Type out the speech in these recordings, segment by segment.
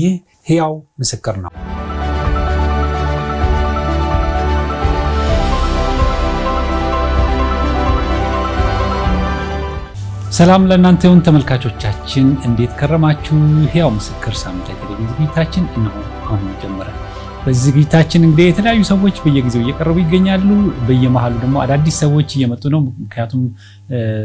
ይህ ሕያው ምስክር ነው። ሰላም ለእናንተ ይሁን ተመልካቾቻችን፣ እንዴት ከረማችሁ? ሕያው ምስክር ሳምንታዊ ቴሌቪዥን ዝግጅታችን እነሆ አሁን ጀመረ። በዝግጅታችን እንግዲህ የተለያዩ ሰዎች በየጊዜው እየቀረቡ ይገኛሉ። በየመሀሉ ደግሞ አዳዲስ ሰዎች እየመጡ ነው። ምክንያቱም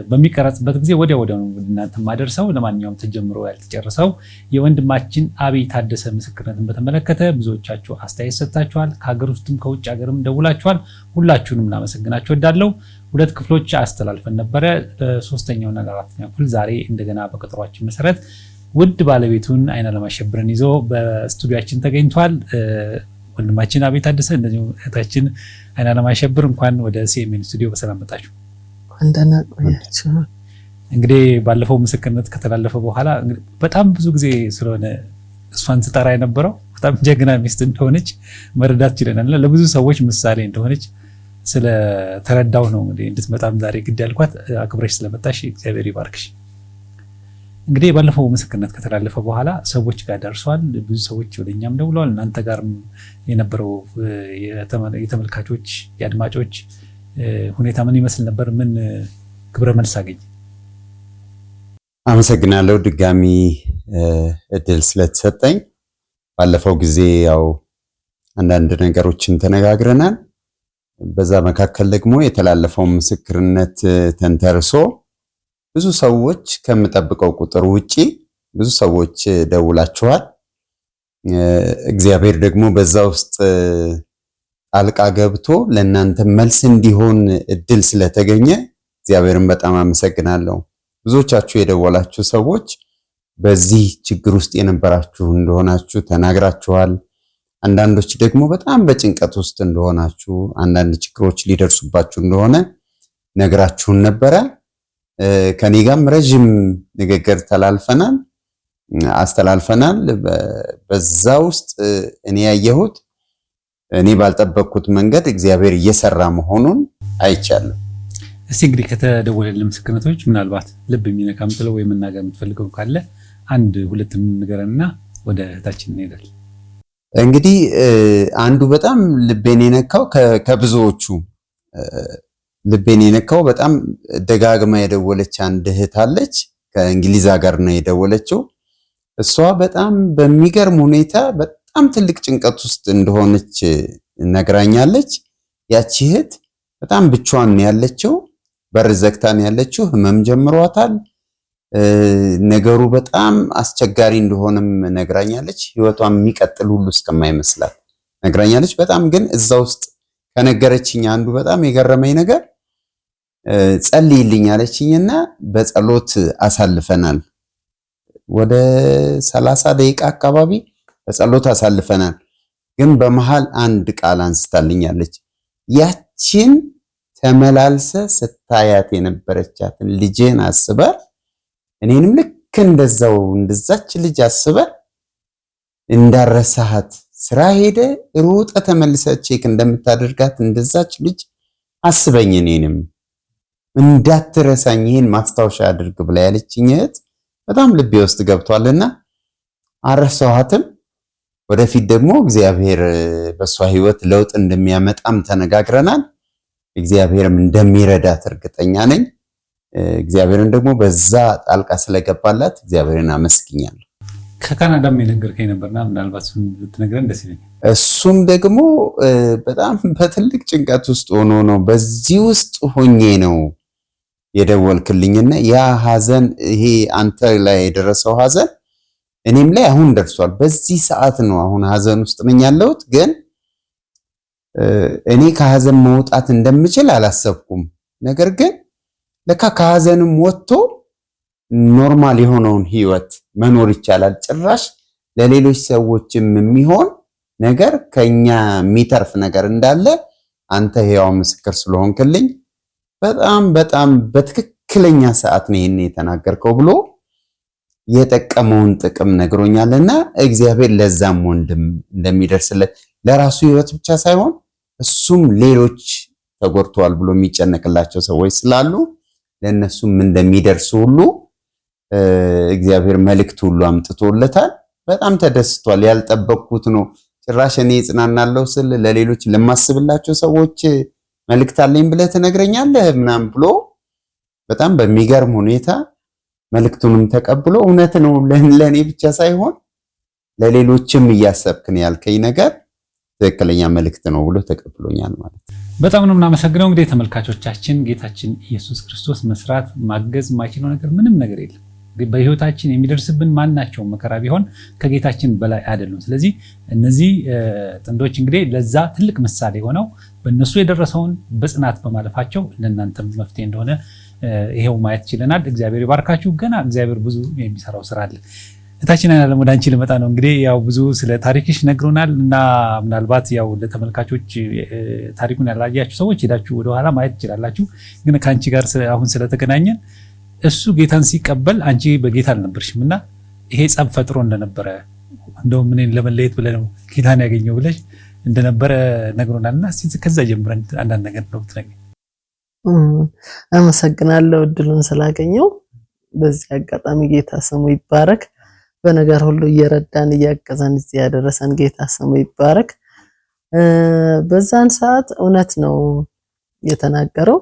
በሚቀረጽበት ጊዜ ወዲያ ወዲያ ነው እናንተ ማደርሰው። ለማንኛውም ተጀምሮ ያልተጨረሰው የወንድማችን አብይ ታደሰ ምስክርነትን በተመለከተ ብዙዎቻችሁ አስተያየት ሰጥታችኋል። ከሀገር ውስጥም ከውጭ ሀገርም ደውላችኋል። ሁላችሁንም ላመሰግናችሁ ወዳለው ሁለት ክፍሎች አስተላልፈን ነበረ። ለሶስተኛውና ለአራተኛ ክፍል ዛሬ እንደገና በቀጠሯችን መሰረት ውድ ባለቤቱን አይነ ለማሸብረን ይዞ በስቱዲያችን ተገኝቷል። ወንድማችን አቤት አደሰ እንደዚሁ እህታችን አይናለም አሸብር እንኳን ወደ ሲኤምኤን ስቱዲዮ በሰላም መጣችሁ። እንግዲህ ባለፈው ምስክርነት ከተላለፈ በኋላ በጣም ብዙ ጊዜ ስለሆነ እሷን ስጠራ የነበረው በጣም ጀግና ሚስት እንደሆነች መረዳት ችለናል። ለብዙ ሰዎች ምሳሌ እንደሆነች ስለተረዳው ነው እንግዲህ እንድትመጣም ዛሬ ግድ ያልኳት። አክብረሽ ስለመጣሽ እግዚአብሔር ይባርክሽ። እንግዲህ ባለፈው ምስክርነት ከተላለፈ በኋላ ሰዎች ጋር ደርሷል። ብዙ ሰዎች እኛም ደውለዋል። እናንተ ጋርም የነበረው የተመልካቾች የአድማጮች ሁኔታ ምን ይመስል ነበር? ምን ግብረ መልስ አገኝ? አመሰግናለሁ ድጋሚ እድል ስለተሰጠኝ። ባለፈው ጊዜ ያው አንዳንድ ነገሮችን ተነጋግረናል። በዛ መካከል ደግሞ የተላለፈውን ምስክርነት ተንተርሶ ብዙ ሰዎች ከምጠብቀው ቁጥር ውጪ ብዙ ሰዎች ደውላችኋል። እግዚአብሔር ደግሞ በዛ ውስጥ ጣልቃ ገብቶ ለእናንተ መልስ እንዲሆን እድል ስለተገኘ እግዚአብሔርን በጣም አመሰግናለሁ። ብዙዎቻችሁ የደወላችሁ ሰዎች በዚህ ችግር ውስጥ የነበራችሁ እንደሆናችሁ ተናግራችኋል። አንዳንዶች ደግሞ በጣም በጭንቀት ውስጥ እንደሆናችሁ፣ አንዳንድ ችግሮች ሊደርሱባችሁ እንደሆነ ነግራችሁን ነበረ። ከኔ ጋርም ረዥም ንግግር ተላልፈናል አስተላልፈናል። በዛ ውስጥ እኔ ያየሁት እኔ ባልጠበቅኩት መንገድ እግዚአብሔር እየሰራ መሆኑን አይቻለሁ። እስቲ እንግዲህ ከተደወለልን ምስክርነቶች ምናልባት ልብ የሚነካ ምትለው ወይም መናገር የምትፈልገው ካለ አንድ ሁለት ንገረንና ወደ እህታችን እንሄዳል። እንግዲህ አንዱ በጣም ልቤን የነካው ከብዙዎቹ ልቤን የነካው በጣም ደጋግማ የደወለች አንድ እህት አለች። ከእንግሊዝ ሀገር ነው የደወለችው። እሷ በጣም በሚገርም ሁኔታ በጣም ትልቅ ጭንቀት ውስጥ እንደሆነች ነግራኛለች። ያቺ እህት በጣም ብቻዋን ያለችው፣ በር ዘግታን ያለችው። ህመም ጀምሯታል። ነገሩ በጣም አስቸጋሪ እንደሆነም ነግራኛለች። ህይወቷን የሚቀጥል ሁሉ እስከማይመስላት ነግራኛለች። በጣም ግን እዛ ውስጥ ከነገረችኝ አንዱ በጣም የገረመኝ ነገር ጸልይልኝ አለችኝና በጸሎት አሳልፈናል። ወደ ሰላሳ ደቂቃ አካባቢ በጸሎት አሳልፈናል። ግን በመሃል አንድ ቃል አንስታልኛለች። ያቺን ተመላልሰ ስታያት የነበረቻትን ልጅን አስበ እኔንም ልክ እንደዛው እንደዛች ልጅ አስበ እንዳረሳሃት ስራ ሄደ ሩጠ ተመልሰ ቼክ እንደምታደርጋት እንደዛች ልጅ አስበኝ እኔንም እንዳትረሳኝ ይህን ማስታወሻ አድርግ ብላ ያለችኝ እህት በጣም ልቤ ውስጥ ገብቷልና አረሳኋትም። ወደፊት ደግሞ እግዚአብሔር በእሷ ህይወት ለውጥ እንደሚያመጣም ተነጋግረናል። እግዚአብሔርም እንደሚረዳት እርግጠኛ ነኝ። እግዚአብሔርን ደግሞ በዛ ጣልቃ ስለገባላት እግዚአብሔርን አመስግኛለሁ። ከካናዳም የነገርከኝ ነበርና ምናልባት ብትነግረን ደስ ይለኛል። እሱም ደግሞ በጣም በትልቅ ጭንቀት ውስጥ ሆኖ ነው በዚህ ውስጥ ሆኜ ነው የደወልክልኝና ያ ሀዘን ይሄ አንተ ላይ የደረሰው ሀዘን እኔም ላይ አሁን ደርሷል። በዚህ ሰዓት ነው አሁን ሀዘን ውስጥ ነኝ ያለሁት፣ ግን እኔ ከሀዘን መውጣት እንደምችል አላሰብኩም። ነገር ግን ለካ ከሀዘንም ወጥቶ ኖርማል የሆነውን ህይወት መኖር ይቻላል። ጭራሽ ለሌሎች ሰዎችም የሚሆን ነገር ከኛ የሚተርፍ ነገር እንዳለ አንተ ህያው ምስክር ስለሆንክልኝ በጣም በጣም በትክክለኛ ሰዓት ነው ይህን የተናገርከው ብሎ የጠቀመውን ጥቅም ነግሮኛልና እግዚአብሔር ለዛም ወንድም እንደሚደርስለት ለራሱ ህይወት ብቻ ሳይሆን እሱም ሌሎች ተጎድተዋል ብሎ የሚጨነቅላቸው ሰዎች ስላሉ ለእነሱም እንደሚደርስ ሁሉ እግዚአብሔር መልእክት ሁሉ አምጥቶለታል። በጣም ተደስቷል። ያልጠበቅኩት ነው። ጭራሽ እኔ እጽናናለሁ ስል ለሌሎች ለማስብላቸው ሰዎች መልእክት አለኝ ብለህ ትነግረኛለህ ምናምን ብሎ በጣም በሚገርም ሁኔታ መልእክቱንም ተቀብሎ እውነት ነው ለእኔ ብቻ ሳይሆን ለሌሎችም እያሰብክን ያልከኝ ነገር ትክክለኛ መልእክት ነው ብሎ ተቀብሎኛል ማለት ነው። በጣም ነው የምናመሰግነው። እንግዲህ ተመልካቾቻችን ጌታችን ኢየሱስ ክርስቶስ መስራት ማገዝ ማይችለው ነገር ምንም ነገር የለም። በህይወታችን የሚደርስብን ማናቸውም መከራ ቢሆን ከጌታችን በላይ አይደሉም። ስለዚህ እነዚህ ጥንዶች እንግዲህ ለዛ ትልቅ ምሳሌ ሆነው በእነሱ የደረሰውን በጽናት በማለፋቸው ለእናንተም መፍትሄ እንደሆነ ይሄው ማየት ችለናል። እግዚአብሔር ይባርካችሁ። ገና እግዚአብሔር ብዙ የሚሰራው ስራ አለ። እታችን አይናለም ወደ አንቺ ልመጣ ነው። እንግዲህ ያው ብዙ ስለ ታሪክሽ ነግሮናል እና ምናልባት ያው ለተመልካቾች ታሪኩን ያላያችሁ ሰዎች ሄዳችሁ ወደኋላ ማየት ትችላላችሁ። ግን ከአንቺ ጋር አሁን ስለተገናኘን እሱ ጌታን ሲቀበል አንቺ በጌታ አልነበርሽም እና ይሄ ጸብ ፈጥሮ እንደነበረ እንደውም እኔን ለመለየት ብለህ ነው ጌታን ያገኘው ብለሽ እንደነበረ ነግሮናል። እና ከዛ ጀምረን አንዳንድ ነገር ነው ብትነግሪኝ። አመሰግናለሁ እድሉን ስላገኘው። በዚህ አጋጣሚ ጌታ ስሙ ይባረክ። በነገር ሁሉ እየረዳን እያገዘን እዚህ ያደረሰን ጌታ ስሙ ይባረክ። በዛን ሰዓት እውነት ነው የተናገረው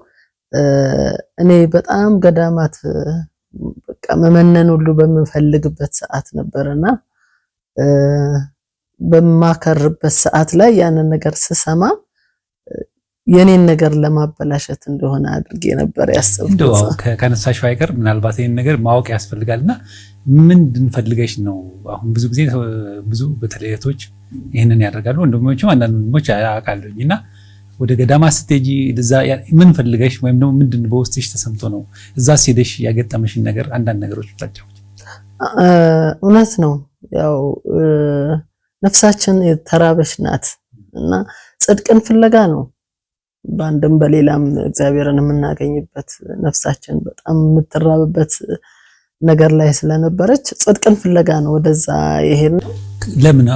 እኔ በጣም ገዳማት በቃ መመነን ሁሉ በምንፈልግበት ሰዓት ነበርና በማከርበት ሰዓት ላይ ያንን ነገር ስሰማ የኔን ነገር ለማበላሸት እንደሆነ አድርጌ ነበር ያሰብኩት። እንደው ከነሳሽው አይቀር ምናልባት ይሄን ነገር ማወቅ ያስፈልጋልና ምን ፈልገሽ ነው? አሁን ብዙ ጊዜ ብዙ በተለይ እህቶች ይህንን ያደርጋሉ፣ ወንድሞችም አንዳንድ ወንድሞች አውቃለሁኝ እና ወደ ገዳማ ስትሄጂ ምን ፈልገሽ ወይም ደግሞ ምንድን በውስጥሽ ተሰምቶ ነው እዛ ሄደሽ ያገጠመሽን ነገር አንዳንድ ነገሮች ብታጫወች። እውነት ነው ያው ነፍሳችን የተራበች ናት እና ጽድቅን ፍለጋ ነው በአንድም በሌላም እግዚአብሔርን የምናገኝበት ነፍሳችን በጣም የምትራብበት ነገር ላይ ስለነበረች ጽድቅን ፍለጋ ነው ወደዛ ይሄን ለምን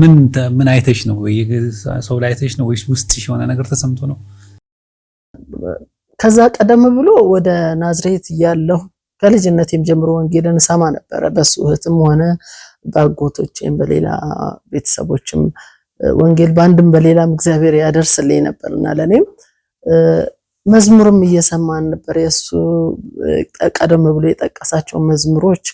ምን ምን አይተሽ ነው ወይ ሰው ላይ አይተሽ ነው ወይስ ውስጥሽ የሆነ ነገር ተሰምቶ ነው? ከዛ ቀደም ብሎ ወደ ናዝሬት እያለሁ ከልጅነቴም ጀምሮ ወንጌልን ሰማ ነበረ። በሱ እህትም ሆነ ባጎቶቼም በሌላ ቤተሰቦችም ወንጌል በአንድም በሌላም እግዚአብሔር ያደርስልኝ ነበርና ለእኔም መዝሙርም እየሰማን ነበር። የእሱ ቀደም ብሎ የጠቀሳቸው መዝሙሮች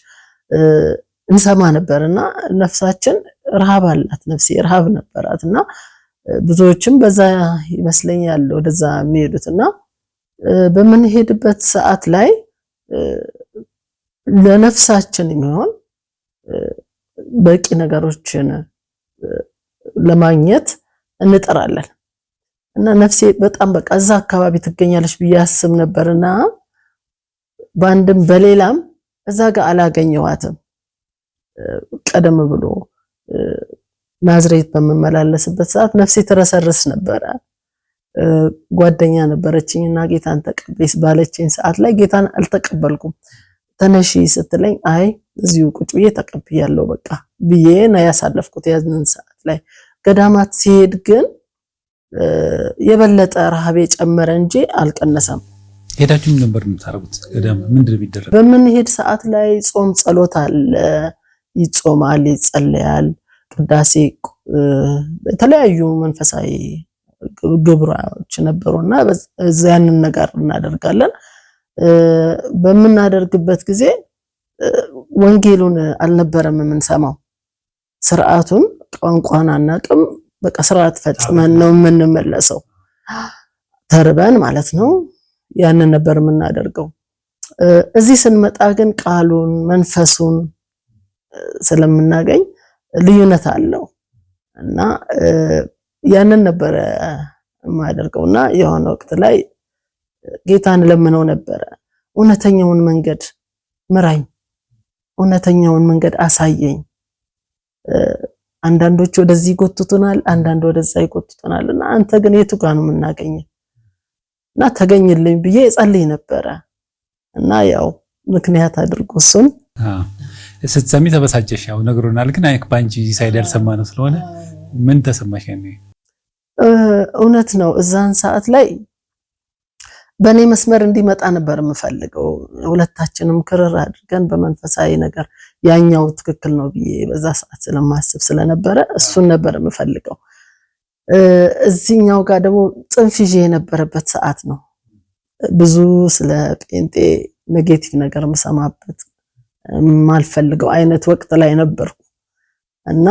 እንሰማ ነበር እና ነፍሳችን ረሃብ አላት። ነፍሴ ረሃብ ነበራት እና ብዙዎችም በዛ ይመስለኛል ወደዛ የሚሄዱት እና በምንሄድበት ሰዓት ላይ ለነፍሳችን የሚሆን በቂ ነገሮችን ለማግኘት እንጠራለን። እና ነፍሴ በጣም በቃ እዛ አካባቢ ትገኛለች ብዬ አስብ ነበርና በአንድም በሌላም እዛ ጋር አላገኘዋትም። ቀደም ብሎ ናዝሬት በምመላለስበት ሰዓት ነፍሴ ትረሰርስ ነበረ። ጓደኛ ነበረችኝ እና ጌታን ተቀበይስ ባለችኝ ሰዓት ላይ ጌታን አልተቀበልኩም። ተነሺ ስትለኝ አይ እዚሁ ቁጭ ብዬ ተቀብያለሁ በቃ ብዬ ነው ያሳለፍኩት ያንን ሰዓት ላይ ገዳማት ሲሄድ ግን የበለጠ ረሃብ የጨመረ እንጂ አልቀነሰም። ሄዳችሁም ነበር የምታደርጉት? ምንድን ነው በምንሄድ ሰዓት ላይ ጾም ጸሎት አለ፣ ይጾማል፣ ይጸለያል፣ ቅዳሴ፣ የተለያዩ መንፈሳዊ ግብሮች ነበሩና ያንን ነገር እናደርጋለን። በምናደርግበት ጊዜ ወንጌሉን አልነበረም የምንሰማው፣ ስርዓቱን ቋንቋን አናቅም። በቃ ስርዓት ፈጽመን ነው የምንመለሰው። ተርበን ማለት ነው። ያንን ነበር የምናደርገው። እዚህ ስንመጣ ግን ቃሉን መንፈሱን ስለምናገኝ ልዩነት አለው እና ያንን ነበረ የማደርገው እና የሆነ ወቅት ላይ ጌታን ለምነው ነበረ። እውነተኛውን መንገድ ምራኝ፣ እውነተኛውን መንገድ አሳየኝ አንዳንዶች ወደዚህ ይጎትቱናል፣ አንዳንድ ወደዛ ይጎትቱናል። እና አንተ ግን የቱ ጋር ነው የምናገኘ? እና ተገኝልኝ ብዬ እጸልይ ነበረ እና ያው ምክንያት አድርጎ እሱን ስትሰሚ ተበሳጨሽ? ያው ነግሮናል፣ ግን አይክ ባንቺ ሳይድ ያልሰማነው ስለሆነ ምን ተሰማሽ? ያኔ እውነት ነው እዛን ሰዓት ላይ በእኔ መስመር እንዲመጣ ነበር የምፈልገው። ሁለታችንም ክርር አድርገን በመንፈሳዊ ነገር ያኛው ትክክል ነው ብዬ በዛ ሰዓት ስለማስብ ስለነበረ እሱን ነበር የምፈልገው። እዚህኛው ጋር ደግሞ ጽንፍ ይዤ የነበረበት ሰዓት ነው። ብዙ ስለ ጴንጤ ኔጌቲቭ ነገር የምሰማበት የማልፈልገው አይነት ወቅት ላይ ነበርኩ እና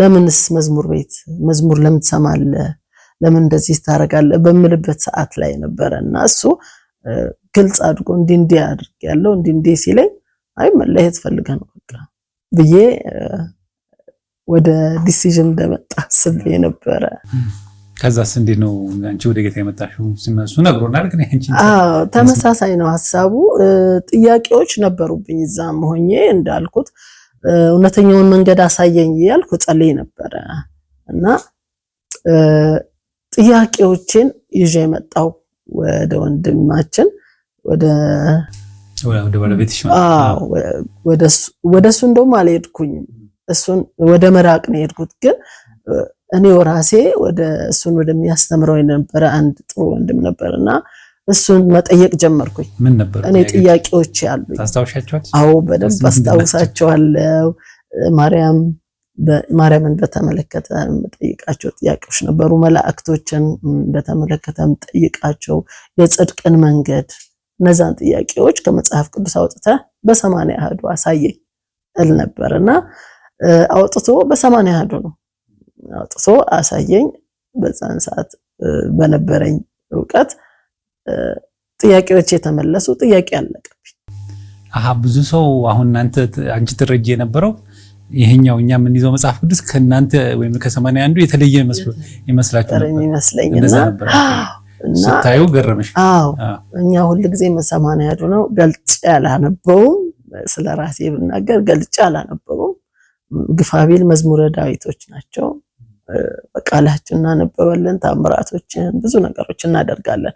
ለምንስ መዝሙር ቤት መዝሙር ለምን ትሰማለህ? ለምን እንደዚህ ታደርጋለህ? በምልበት ሰዓት ላይ ነበረ እና እሱ ግልጽ አድርጎ እንዲህ እንዲህ ያለው እንዲህ እንዲህ ሲለኝ አይ መለየት ፈልገ ነው በቃ ብዬ ወደ ዲሲዥን እንደመጣ አስቤ ነበረ። ከዛስ እንዴት ነው አንቺ ወደ ጌታ የመጣሽው? ሲመሱ ነግሮናል። ግን አንቺ ተመሳሳይ ነው ሀሳቡ። ጥያቄዎች ነበሩብኝ እዛም ሆኜ እንዳልኩት እውነተኛውን መንገድ አሳየኝ እያልኩ ጸልይ ነበረ እና ጥያቄዎችን ይዤ የመጣው ወደ ወንድማችን ወደ ወደ እሱ እንደውም አልሄድኩኝም። እሱን ወደ መራቅ ነው የሄድኩት። ግን እኔው ራሴ ወደ እሱን ወደሚያስተምረው የነበረ አንድ ጥሩ ወንድም ነበር እና እሱን መጠየቅ ጀመርኩኝ። ምን ነበር እኔ ጥያቄዎች ያሉ ታስታውሻቸዋል? አዎ በደንብ አስታውሳቸዋለሁ። ማርያም ማርያምን በተመለከተ የምጠይቃቸው ጥያቄዎች ነበሩ። መላእክቶችን በተመለከተ የምጠይቃቸው የጽድቅን መንገድ እነዛን ጥያቄዎች ከመጽሐፍ ቅዱስ አውጥተ በሰማንያ አህዱ አሳየኝ እል ነበር እና አውጥቶ በሰማንያ አህዱ ነው አውጥቶ አሳየኝ። በዛን ሰዓት በነበረኝ እውቀት ጥያቄዎች የተመለሱ ጥያቄ አለቀብኝ። አሀ ብዙ ሰው አሁን እናንተ አንቺ ትረጂ የነበረው ይሄኛው እኛ የምንይዘው መጽሐፍ ቅዱስ ከእናንተ ወይም ከሰማንያ አንዱ የተለየ ይመስላችሁ ነበር ይመስለኛል። ስታዩ ገረመሽ? አዎ እኛ መሰማን ያዱ ነው ገልጬ አላነበውም። ስለ ራሴ ብናገር ገልጬ አላነበውም። ግፋቢል መዝሙረ ዳዊቶች ናቸው። በቃላችን እናነበባለን። ታምራቶችን፣ ብዙ ነገሮች እናደርጋለን።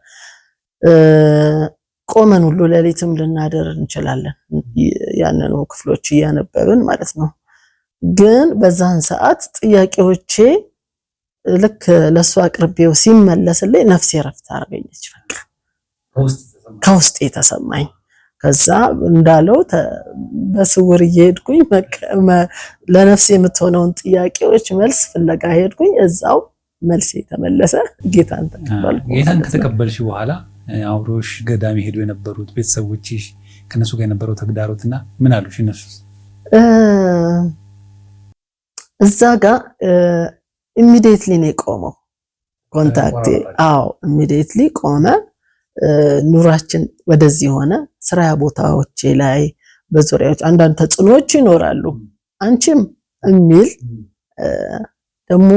ቆመን ሁሉ ሌሊትም ልናደር እንችላለን። ያንኑ ክፍሎች እያነበብን ማለት ነው። ግን በዛን ሰዓት ጥያቄዎቼ ልክ ለእሱ አቅርቤው ሲመለስልኝ ነፍሴ ረፍት አረገኘች። በቃ ከውስጥ የተሰማኝ ከዛ እንዳለው በስውር እየሄድኩኝ ለነፍሴ የምትሆነውን ጥያቄዎች መልስ ፍለጋ ሄድኩኝ። እዛው መልስ የተመለሰ ጌታን ተቀበልኩ። ጌታን ከተቀበልሽ በኋላ አብሮሽ ገዳሚ ሄዱ የነበሩት ቤተሰቦችሽ ከነሱ ጋር የነበረው ተግዳሮትና ምን አሉሽ? እነሱ እዛ ጋር ኢሚዲየትሊ ነው የቆመው ኮንታክቴ። አዎ ኢሚዲየትሊ ቆመ። ኑራችን ወደዚህ ሆነ። ስራ ቦታዎቼ ላይ በዙሪያዎች አንዳንድ ተጽዕኖዎች ይኖራሉ። አንቺም የሚል ደግሞ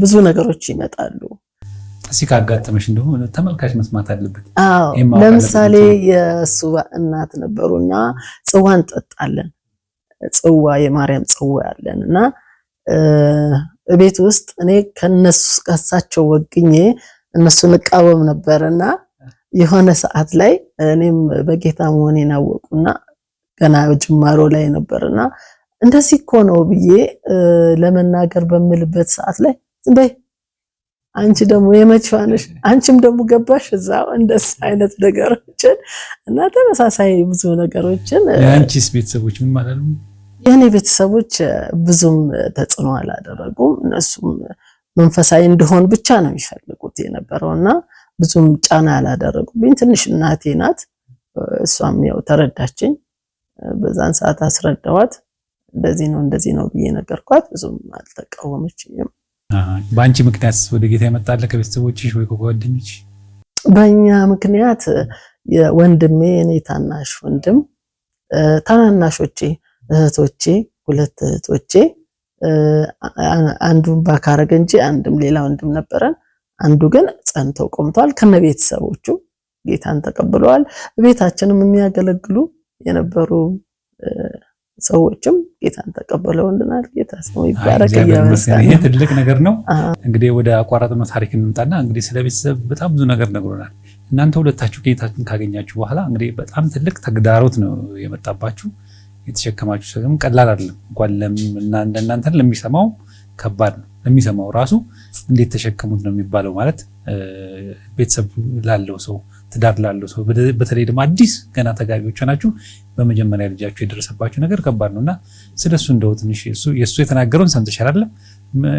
ብዙ ነገሮች ይመጣሉ። እዚህ ካጋጠመሽ እንደሆነ ተመልካች መስማት አለበት። አዎ ለምሳሌ የእሱ እናት ነበሩና ጽዋ እንጠጣለን። ጽዋ የማርያም ጽዋ ያለን እና ቤት ውስጥ እኔ ከነሱ ከሳቸው ወግኜ እነሱን እቃወም ነበርና የሆነ ሰዓት ላይ እኔም በጌታ መሆኔን አወቁና ገና ጅማሮ ላይ ነበርና እንደዚህ እኮ ነው ብዬ ለመናገር በምልበት ሰዓት ላይ እንዴ አንቺ ደግሞ የመቼዋ ነሽ አንቺም ደግሞ ገባሽ እዛው እንደዚህ አይነት ነገሮችን እና ተመሳሳይ ብዙ ነገሮችን የአንቺስ ቤተሰቦች ምን ማለት ነው የእኔ ቤተሰቦች ብዙም ተጽዕኖ አላደረጉም። እነሱም መንፈሳዊ እንደሆን ብቻ ነው የሚፈልጉት የነበረው እና ብዙም ጫና ያላደረጉብኝ። ትንሽ እናቴ ናት፣ እሷም ያው ተረዳችኝ። በዛን ሰዓት አስረዳዋት። እንደዚህ ነው እንደዚህ ነው ብዬ ነገርኳት። ብዙም አልተቃወመችኝም። በአንቺ ምክንያት ወደ ጌታ የመጣለ ከቤተሰቦችሽ ወይ ከጓደኞች? በእኛ ምክንያት ወንድሜ፣ እኔ ታናሽ ወንድም ታናናሾቼ እህቶቼ ሁለት እህቶቼ አንዱን ባካረገ እንጂ አንድም ሌላ ወንድም ነበረን። አንዱ ግን ጸንተው ቆምተዋል። ከነቤተሰቦቹ ጌታን ተቀብለዋል። ቤታችንም የሚያገለግሉ የነበሩ ሰዎችም ጌታን ተቀበለውልናል። ጌታ ሰው ይባረክ። ይህ ትልቅ ነገር ነው። እንግዲህ ወደ አቋራጥነው ታሪክ እንምጣና እንግዲህ ስለ ቤተሰብ በጣም ብዙ ነገር ነግሮናል። እናንተ ሁለታችሁ ጌታችን ካገኛችሁ በኋላ እንግዲህ በጣም ትልቅ ተግዳሮት ነው የመጣባችሁ የተሸከማችሁ ሸክም ቀላል አይደለም። እንኳን ለእናንተ ለሚሰማው ከባድ ነው። ለሚሰማው ራሱ እንዴት ተሸከሙት ነው የሚባለው። ማለት ቤተሰብ ላለው ሰው፣ ትዳር ላለው ሰው፣ በተለይ ደግሞ አዲስ ገና ተጋቢዎች ናችሁ በመጀመሪያ ልጃችሁ የደረሰባችሁ ነገር ከባድ ነው እና ስለሱ እንደው ትንሽ የእሱ የተናገረውን ሰምተሻል አይደለም?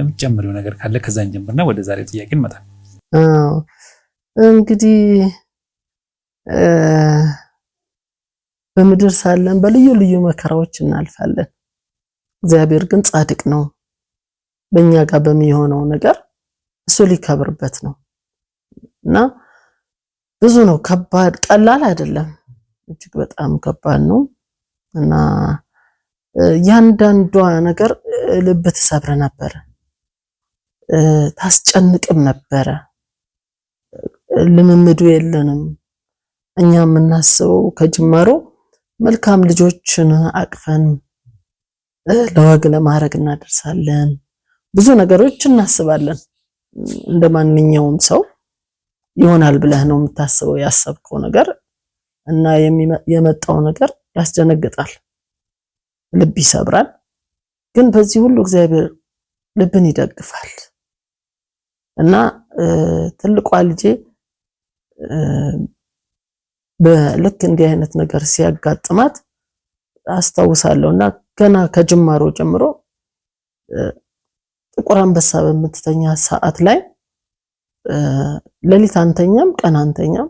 የምትጨምሪው ነገር ካለ ከዛን ጀምርና ወደ ዛሬ ጥያቄ እንመጣለን። እንግዲህ በምድር ሳለን በልዩ ልዩ መከራዎች እናልፋለን። እግዚአብሔር ግን ጻድቅ ነው። በእኛ ጋር በሚሆነው ነገር እሱ ሊከብርበት ነው እና ብዙ ነው። ከባድ ቀላል አይደለም። እጅግ በጣም ከባድ ነው እና ያንዳንዷ ነገር ልብ ትሰብር ነበረ፣ ታስጨንቅም ነበረ። ልምምዱ የለንም እኛ የምናስበው ከጅማሮ መልካም ልጆችን አቅፈን ለወግ ለማድረግ እናደርሳለን። ብዙ ነገሮች እናስባለን። እንደ ማንኛውም ሰው ይሆናል ብለህ ነው የምታስበው ያሰብከው ነገር እና የመጣው ነገር ያስደነግጣል፣ ልብ ይሰብራል። ግን በዚህ ሁሉ እግዚአብሔር ልብን ይደግፋል እና ትልቋ ልጄ በልክ እንዲህ አይነት ነገር ሲያጋጥማት አስታውሳለሁ እና ገና ከጅማሮ ጀምሮ ጥቁር አንበሳ በምትተኛ ሰዓት ላይ ሌሊት አንተኛም፣ ቀን አንተኛም።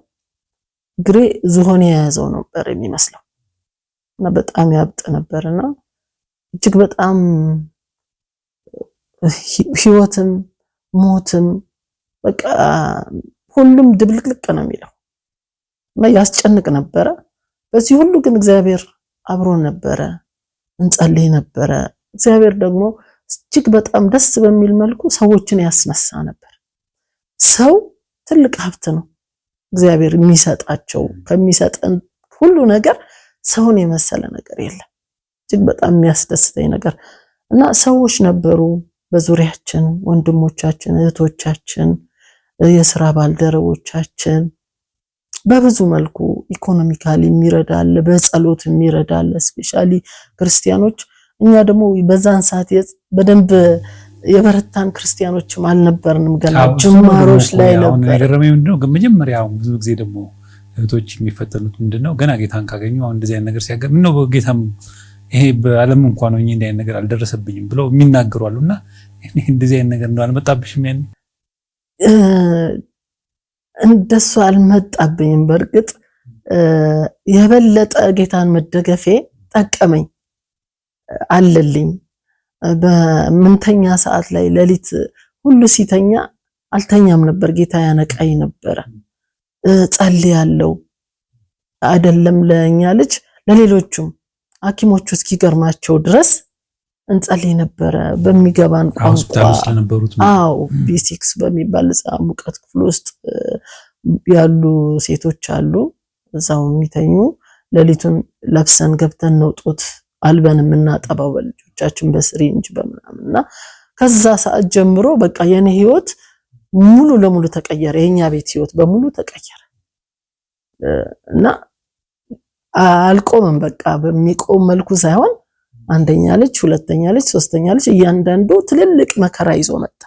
ግሬ ዝሆን የያዘው ነበር የሚመስለው እና በጣም ያብጥ ነበር እጅግ በጣም ህይወትም ሞትም በቃ ሁሉም ድብልቅልቅ ነው የሚለው ያስጨንቅ ነበረ። በዚህ ሁሉ ግን እግዚአብሔር አብሮ ነበረ፣ እንጸልይ ነበረ። እግዚአብሔር ደግሞ እጅግ በጣም ደስ በሚል መልኩ ሰዎችን ያስነሳ ነበር። ሰው ትልቅ ሀብት ነው። እግዚአብሔር የሚሰጣቸው ከሚሰጠን ሁሉ ነገር ሰውን የመሰለ ነገር የለም። እጅግ በጣም የሚያስደስተኝ ነገር እና ሰዎች ነበሩ በዙሪያችን፣ ወንድሞቻችን፣ እህቶቻችን፣ የስራ ባልደረቦቻችን በብዙ መልኩ ኢኮኖሚካሊ የሚረዳለ፣ በጸሎት የሚረዳለ ስፔሻሊ ክርስቲያኖች። እኛ ደግሞ በዛን ሰዓት በደንብ የበረታን ክርስቲያኖችም አልነበርንም። ገና ጅማሮች ላይ ነበር። የገረመኝ ግን መጀመሪያ ብዙ ጊዜ ደግሞ እህቶች የሚፈተኑት ምንድነው ገና ጌታን ካገኙ አሁን እንደዚህ አይነት ነገር ሲያገ ምነው ጌታም ይሄ በዓለም እንኳን ነው እንዲህ አይነት ነገር አልደረሰብኝም ብለው የሚናገሩ አሉና እንደዚህ አይነት ነገር አልመጣብሽም ያኔ እንደሱ አልመጣብኝም። በእርግጥ የበለጠ ጌታን መደገፌ ጠቀመኝ አለልኝ። በምንተኛ ሰዓት ላይ ሌሊት ሁሉ ሲተኛ አልተኛም ነበር፣ ጌታ ያነቃኝ ነበረ። ያለው አይደለም ለኛ ልጅ ለሌሎቹም ሐኪሞቹ እስኪገርማቸው ድረስ እንጸልይ ነበረ በሚገባን ቋንቋ። አዎ ቢሲክስ በሚባል ጻ ሙቀት ክፍል ውስጥ ያሉ ሴቶች አሉ፣ እዛው የሚተኙ ሌሊቱን ለብሰን ገብተን ነው ጡት አልበን የምናጠባው በልጆቻችን በስሪንጅ በምናምን እና ከዛ ሰዓት ጀምሮ በቃ የኔ ህይወት ሙሉ ለሙሉ ተቀየረ። የኛ ቤት ህይወት በሙሉ ተቀየረ እና አልቆምም በቃ በሚቆም መልኩ ሳይሆን አንደኛ ልጅ፣ ሁለተኛ ልጅ፣ ሶስተኛ ልጅ እያንዳንዱ ትልልቅ መከራ ይዞ መጣ።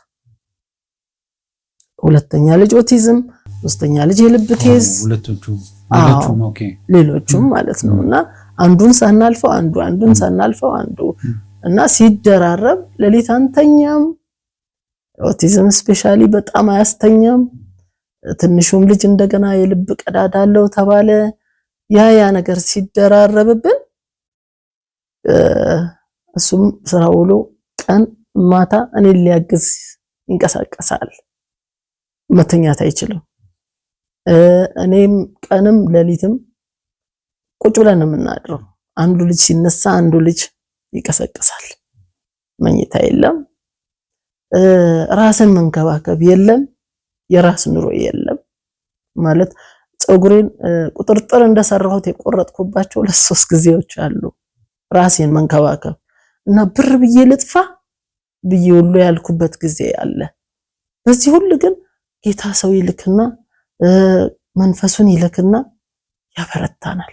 ሁለተኛ ልጅ ኦቲዝም፣ ሶስተኛ ልጅ የልብ ኬዝ፣ ሌሎቹም ማለት ነው እና አንዱን ሳናልፈው አንዱ አንዱን ሳናልፈው አንዱ እና ሲደራረብ ሌሊት አንተኛም። ኦቲዝም ስፔሻሊ በጣም አያስተኛም። ትንሹም ልጅ እንደገና የልብ ቀዳዳ አለው ተባለ። ያ ያ ነገር ሲደራረብብን እሱም ስራ ውሎ ቀን ማታ እኔ ሊያግዝ ይንቀሳቀሳል። መተኛት አይችልም። እኔም ቀንም ሌሊትም ቁጭ ብለን የምናድረው አንዱ ልጅ ሲነሳ አንዱ ልጅ ይቀሰቅሳል። መኝታ የለም፣ ራስን መንከባከብ የለም፣ የራስ ኑሮ የለም። ማለት ፀጉሬን ቁጥርጥር እንደሰራሁት የቆረጥኩባቸው ለሶስት ጊዜዎች አሉ። ራሴን መንከባከብ እና ብር ብዬ ልጥፋ ብዬ ሁሉ ያልኩበት ጊዜ አለ። በዚህ ሁሉ ግን ጌታ ሰው ይልክና መንፈሱን ይልክና ያበረታናል፣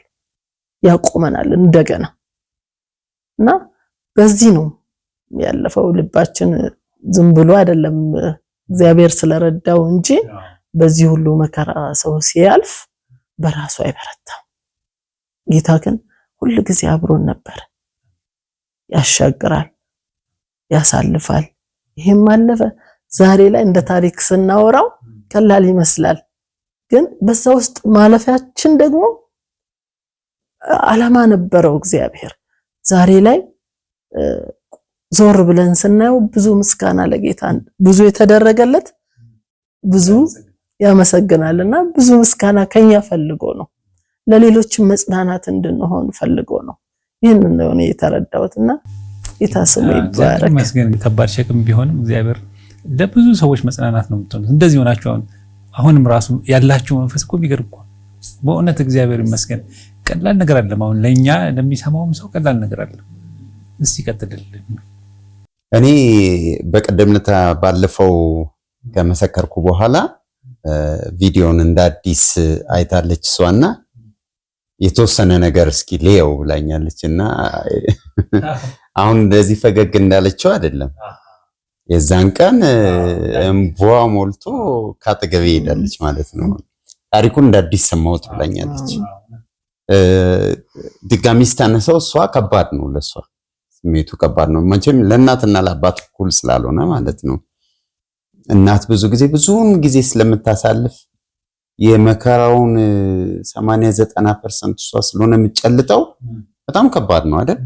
ያቆመናል እንደገና እና በዚህ ነው ያለፈው። ልባችን ዝም ብሎ አይደለም እግዚአብሔር ስለረዳው እንጂ በዚህ ሁሉ መከራ ሰው ሲያልፍ በራሱ አይበረታም። ጌታ ግን ሁል ጊዜ አብሮን ነበር። ያሻግራል፣ ያሳልፋል። ይህም አለፈ። ዛሬ ላይ እንደ ታሪክ ስናወራው ቀላል ይመስላል፣ ግን በዛ ውስጥ ማለፊያችን ደግሞ ዓላማ ነበረው እግዚአብሔር። ዛሬ ላይ ዞር ብለን ስናየው ብዙ ምስጋና ለጌታ ብዙ የተደረገለት ብዙ ያመሰግናልና ብዙ ምስጋና ከኛ ፈልጎ ነው። ለሌሎችም መጽናናት እንድንሆን ፈልጎ ነው። ይህን እንደሆነ የተረዳሁት እና የታስሙ ይባረክ ከባድ ሸክም ቢሆንም እግዚአብሔር ለብዙ ሰዎች መጽናናት ነው የምትሆኑት። እንደዚህ ሆናችሁ አሁን አሁንም ራሱ ያላችሁ መንፈስ እኮ የሚገርም እኮ በእውነት እግዚአብሔር ይመስገን። ቀላል ነገር አለም። አሁን ለእኛ ለሚሰማውም ሰው ቀላል ነገር አለ። እስቲ ቀጥልልን። እኔ በቀደምነት ባለፈው ከመሰከርኩ በኋላ ቪዲዮን እንደ አዲስ አይታለች እሷና የተወሰነ ነገር እስኪ ሌው ብላኛለች እና አሁን እንደዚህ ፈገግ እንዳለችው አይደለም። የዛን ቀን እምቧ ሞልቶ ካጠገቤ ሄዳለች ማለት ነው። ታሪኩን እንደ አዲስ ሰማሁት ብላኛለች። ድጋሚ ስታነሳው እሷ ከባድ ነው፣ ለእሷ ስሜቱ ከባድ ነው። መቼም ለእናትና ለአባት እኩል ስላልሆነ ማለት ነው። እናት ብዙ ጊዜ ብዙውን ጊዜ ስለምታሳልፍ የመከራውን 89 ፐርሰንት እሷ ስለሆነ የምጨልጠው በጣም ከባድ ነው አይደል?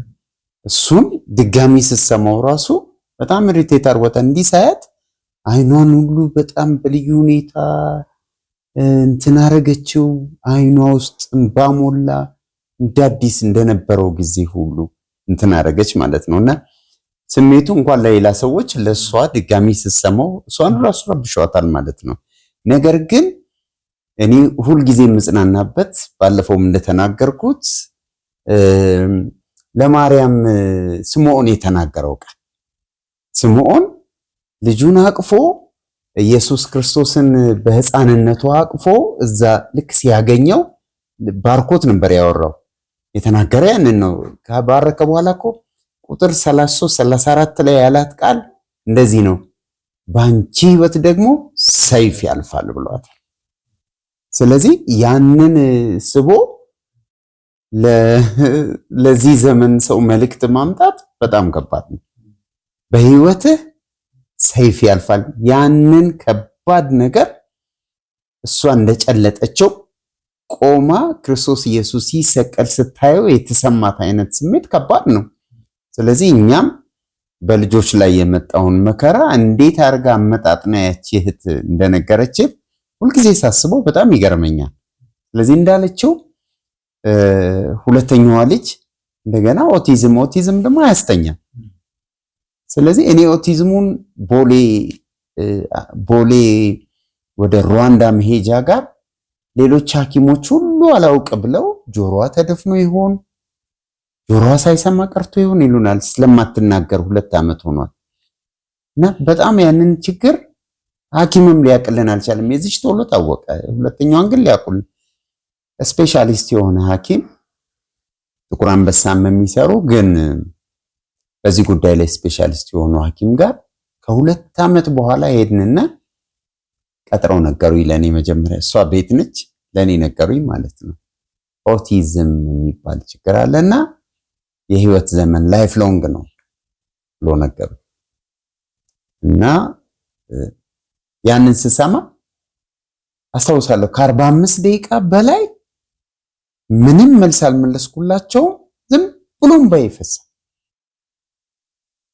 እሱን ድጋሚ ስትሰማው ራሱ በጣም ሪቴት አርወታ እንዲህ ሳያት አይኗን ሁሉ በጣም በልዩ ሁኔታ እንትን አረገችው። አይኗ ውስጥ እንባ ሞላ። እንደ አዲስ እንደነበረው ጊዜ ሁሉ እንትን አረገች ማለት ነው። እና ስሜቱ እንኳን ለሌላ ሰዎች ለእሷ ድጋሚ ስትሰማው እሷን ራሱ ረብሸዋታል ማለት ነው። ነገር ግን እኔ ሁልጊዜ የምጽናናበት ባለፈውም እንደተናገርኩት ለማርያም ስምዖን የተናገረው ቃል ስምዖን ልጁን አቅፎ ኢየሱስ ክርስቶስን በሕፃንነቱ አቅፎ እዛ ልክ ሲያገኘው ባርኮት ነበር ያወራው የተናገረ ያንን ነው። ከባረከ በኋላ እኮ ቁጥር 33 34 ላይ ያላት ቃል እንደዚህ ነው፣ በአንቺ ሕይወት ደግሞ ሰይፍ ያልፋል ብሏታል። ስለዚህ ያንን ስቦ ለዚህ ዘመን ሰው መልእክት ማምጣት በጣም ከባድ ነው። በህይወትህ ሰይፍ ያልፋል። ያንን ከባድ ነገር እሷ እንደጨለጠችው ቆማ ክርስቶስ ኢየሱስ ሲሰቀል ስታየው የተሰማት አይነት ስሜት ከባድ ነው። ስለዚህ እኛም በልጆች ላይ የመጣውን መከራ እንዴት አድርጋ አመጣጥና ያቺ እህት እንደነገረችን ሁልጊዜ ሳስበው በጣም ይገርመኛል። ስለዚህ እንዳለችው ሁለተኛዋ ልጅ እንደገና ኦቲዝም ኦቲዝም ደግሞ አያስተኛም። ስለዚህ እኔ ኦቲዝሙን ቦሌ ቦሌ ወደ ሩዋንዳ መሄጃ ጋር ሌሎች ሐኪሞች ሁሉ አላውቅ ብለው ጆሮዋ ተደፍኖ ይሆን ጆሮዋ ሳይሰማ ቀርቶ ይሆን ይሉናል። ስለማትናገር ሁለት ዓመት ሆኗል እና በጣም ያንን ችግር ሐኪምም ሊያቅልን አልቻለም። የዚች ቶሎ ታወቀ። ሁለተኛዋን ግን ሊያቁል ስፔሻሊስት የሆነ ሐኪም ጥቁር አንበሳም የሚሰሩ ግን በዚህ ጉዳይ ላይ ስፔሻሊስት የሆኑ ሐኪም ጋር ከሁለት ዓመት በኋላ ሄድንና ቀጥረው ነገሩኝ። ለእኔ መጀመሪያ እሷ ቤት ነች፣ ለእኔ ነገሩኝ ማለት ነው። ኦቲዝም የሚባል ችግር አለና የህይወት ዘመን ላይፍ ሎንግ ነው ብሎ ነገሩ እና ያንን ስሰማ አስታውሳለሁ ከአርባ አምስት ደቂቃ በላይ ምንም መልስ አልመለስኩላቸውም። ዝም ብሎም ባይፈሳ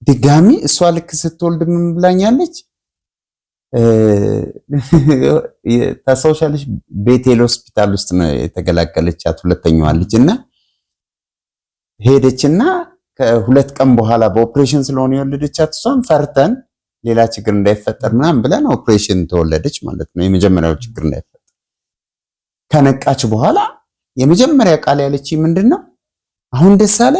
ድጋሚ እሷ ልክ ስትወልድ ምን ብላኛለች ታስታውሻለች? ቤቴል ሆስፒታል ውስጥ ነው የተገላገለቻት ሁለተኛዋ ልጅ እና እና ከሁለት ቀን በኋላ በኦፕሬሽን ስለሆነ የወለደቻት እሷን ፈርተን ሌላ ችግር እንዳይፈጠር ምናምን ብለን ኦፕሬሽን ተወለደች ማለት ነው። የመጀመሪያው ችግር እንዳይፈጠር ከነቃች በኋላ የመጀመሪያ ቃል ያለች ምንድን ነው? አሁን ደስ አለ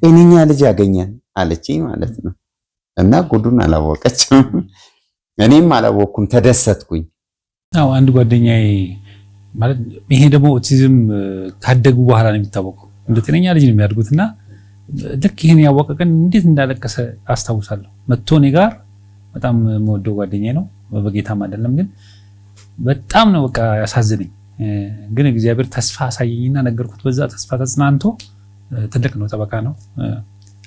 ጤነኛ ልጅ ያገኘን አለች ማለት ነው። እና ጉዱን አላወቀችም፣ እኔም አላወቅኩም፣ ተደሰትኩኝ። አዎ አንድ ጓደኛዬ ማለት ይሄ ደግሞ ኦቲዝም ካደጉ በኋላ ነው የሚታወቀው እንደ ጤነኛ ልጅ ነው እና ልክ ይህን ያወቀ ቀን እንዴት እንዳለቀሰ አስታውሳለሁ። መጥቶ እኔ ጋር በጣም መወደው ጓደኛ ነው፣ በጌታም አይደለም ግን በጣም ነው በቃ ያሳዝነኝ። ግን እግዚአብሔር ተስፋ አሳየኝና ነገርኩት። በዛ ተስፋ ተጽናንቶ ትልቅ ነው፣ ጠበቃ ነው።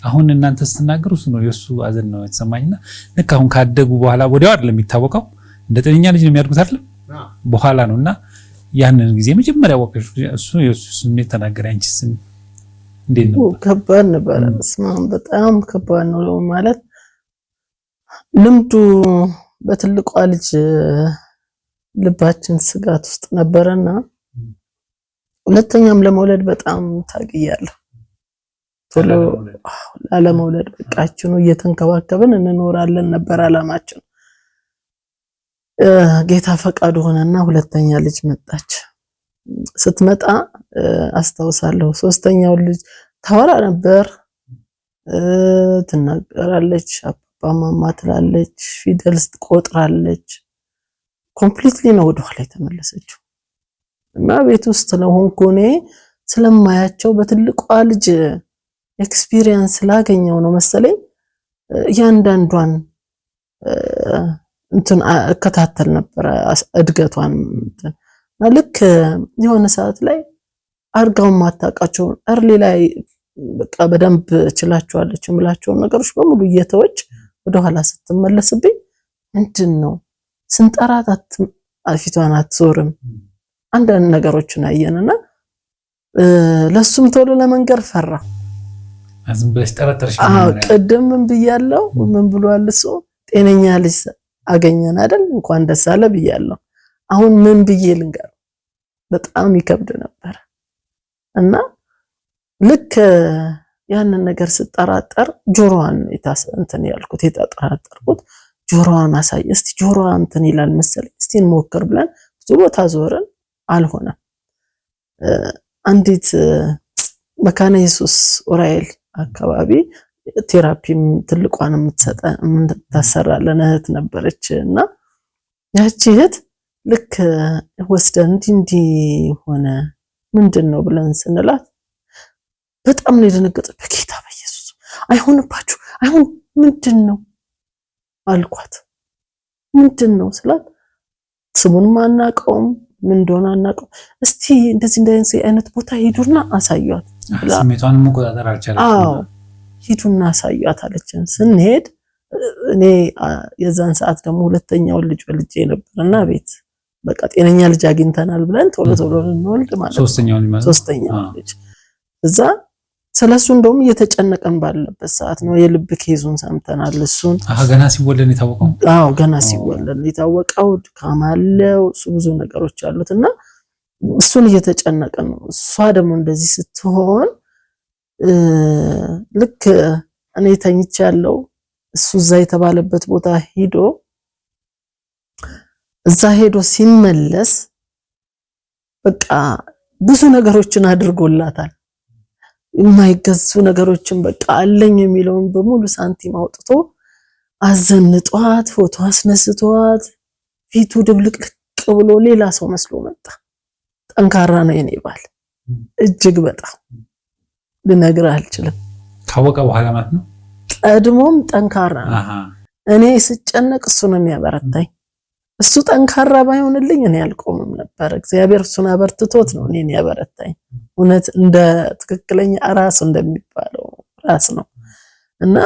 አሁን እናንተ ስትናገሩ እሱ ነው የእሱ አዘን ነው የተሰማኝና ልክ አሁን ካደጉ በኋላ ወዲያው አይደለም የሚታወቀው እንደ ጤነኛ ልጅ ነው የሚያድጉት አይደለም በኋላ ነው እና ያንን ጊዜ መጀመሪያ ወቀሽ እሱ የእሱ ስሜት ተናገረ አንቺ እንዴት ከባድ ነበረ። ስማም በጣም ከባድ ነው ማለት ልምዱ በትልቋ ልጅ ልባችን ስጋት ውስጥ ነበረና ሁለተኛም ለመውለድ በጣም ታግያለሁ። ቶሎ ላለመውለድ በቃችን ነው እየተንከባከብን እንኖራለን ነበር አላማችን። ጌታ ፈቃዱ ሆነና ሁለተኛ ልጅ መጣች። ስትመጣ አስታውሳለሁ። ሶስተኛው ልጅ ታወራ ነበር፣ ትናገራለች፣ አባባ ማማ ትላለች፣ ፊደል ትቆጥራለች። ኮምፕሊትሊ ነው ወደኋላ የተመለሰችው እና ቤት ውስጥ ስለሆንኩ እኔ ስለማያቸው በትልቋ ልጅ ኤክስፒሪየንስ ላገኘው ነው መሰለኝ እያንዳንዷን እንትን እከታተል ነበረ እድገቷን። ልክ የሆነ ሰዓት ላይ አድርጋው ማታውቃቸውን እርሊ ላይ በቃ በደንብ ችላቸዋለች የምላቸውን ነገሮች በሙሉ እየተወች ወደኋላ ስትመለስብኝ ምንድን ነው ስንጠራት ፊቷን አትዞርም። አንዳንድ ነገሮችን አየንና ለሱም ቶሎ ለመንገር ፈራ። ቅድም ምን ብያለው? ምን ብሏል እሱ? ጤነኛ ልጅ አገኘን አይደል? እንኳን ደስ አለ ብያለው። አሁን ምን ብዬ ልንገር? በጣም ይከብድ ነበር። እና ልክ ያንን ነገር ስጠራጠር ጆሮዋን እንትን ያልኩት የተጠራጠርኩት ጆሮዋን አሳይ እስቲ ጆሮዋ እንትን ይላል መሰለኝ እስቲ እንሞክር ብለን ብዙ ቦታ ዞርን፣ አልሆነም። አንዲት መካነ ኢየሱስ ኡራኤል አካባቢ ቴራፒም ትልቋን የምትሰጠ የምታሰራለን እህት ነበረች እና ያቺ እህት ልክ ወስደን እንዲህ እንዲህ ሆነ ምንድን ነው ብለን ስንላት በጣም ነው የደነገጠው። በጌታ በኢየሱስ አይሆንባችሁ፣ አይሆን ምንድን ነው አልኳት። ምንድን ነው ስላት ስሙንም አናውቀውም ምን እንደሆነ አናውቀውም። እስቲ እንደዚህ እንደዚህ አይነት ቦታ ሂዱና አሳዩት። ስሜቷን መቆጣጠር አልቻለችም። አዎ ሂዱና አሳዩት አለችን። ስንሄድ እኔ የዛን ሰዓት ደግሞ ሁለተኛውን ልጅ ወልጄ ነበርና ቤት በቃ ጤነኛ ልጅ አግኝተናል ብለን ቶሎ ቶሎ እንወልድ ማለት ነው። ሶስተኛው ልጅ እዛ ስለሱ እንደውም እየተጨነቀን ባለበት ሰዓት ነው የልብ ኬዙን ሰምተናል። እሱን ገና ሲወለድ የታወቀው አዎ፣ ገና ሲወለድ የታወቀው ድካም አለው እሱ ብዙ ነገሮች አሉት እና እሱን እየተጨነቀ ነው። እሷ ደግሞ እንደዚህ ስትሆን ልክ እኔ ተኝቻለሁ እሱ እዛ የተባለበት ቦታ ሂዶ እዛ ሄዶ ሲመለስ በቃ ብዙ ነገሮችን አድርጎላታል። የማይገዙ ነገሮችን በቃ አለኝ የሚለውን በሙሉ ሳንቲም አውጥቶ አዘንጧት፣ ፎቶ አስነስቷት፣ ፊቱ ድብልቅልቅ ብሎ ሌላ ሰው መስሎ መጣ። ጠንካራ ነው የኔ ባል፣ እጅግ በጣም ልነግር አልችልም። ካወቀ በኋላ ማለት ነው። ቀድሞም ጠንካራ ነው። እኔ ስጨነቅ እሱ ነው የሚያበረታኝ። እሱ ጠንካራ ባይሆንልኝ እኔ አልቆምም ነበር። እግዚአብሔር እሱን አበርትቶት ነው እኔን ያበረታኝ። እውነት እንደ ትክክለኛ ራስ እንደሚባለው ራስ ነው እና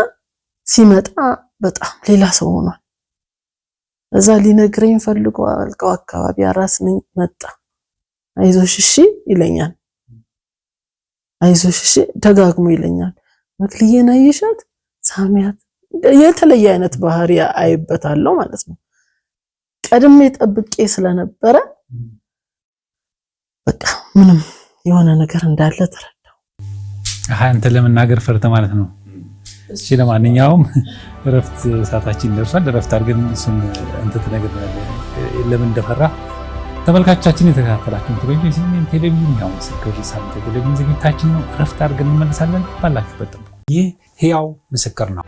ሲመጣ በጣም ሌላ ሰው ሆኗል። እዛ ሊነግረኝ ፈልጎ አልቀው አካባቢ አራስ ነኝ መጣ። አይዞሽ እሺ ይለኛል። አይዞሽ እሺ ደጋግሞ ይለኛል። መክልዬን አየሻት ሳሚያት የተለየ አይነት ባህሪ አይበታለው ማለት ነው። ቀድሜ ጠብቄ ስለነበረ በቃ ምንም የሆነ ነገር እንዳለ ተረዳሁ። አንተ ለመናገር ፈርተ ማለት ነው። እሺ ለማንኛውም እረፍት ሰዓታችን ደርሷል። እረፍት አድርገን እሱን እንትን ነገር ለምን እንደፈራ ተመልካቻችን የተከታተላችሁ ቴሌቪዥን ሲሚን ቴሌቪዥን ያው ምስክር ሳምንት ቴሌቪዥን ዝግጅታችን ነው። እረፍት አድርገን እንመልሳለን። ባላችሁበት ይህ ህያው ምስክር ነው።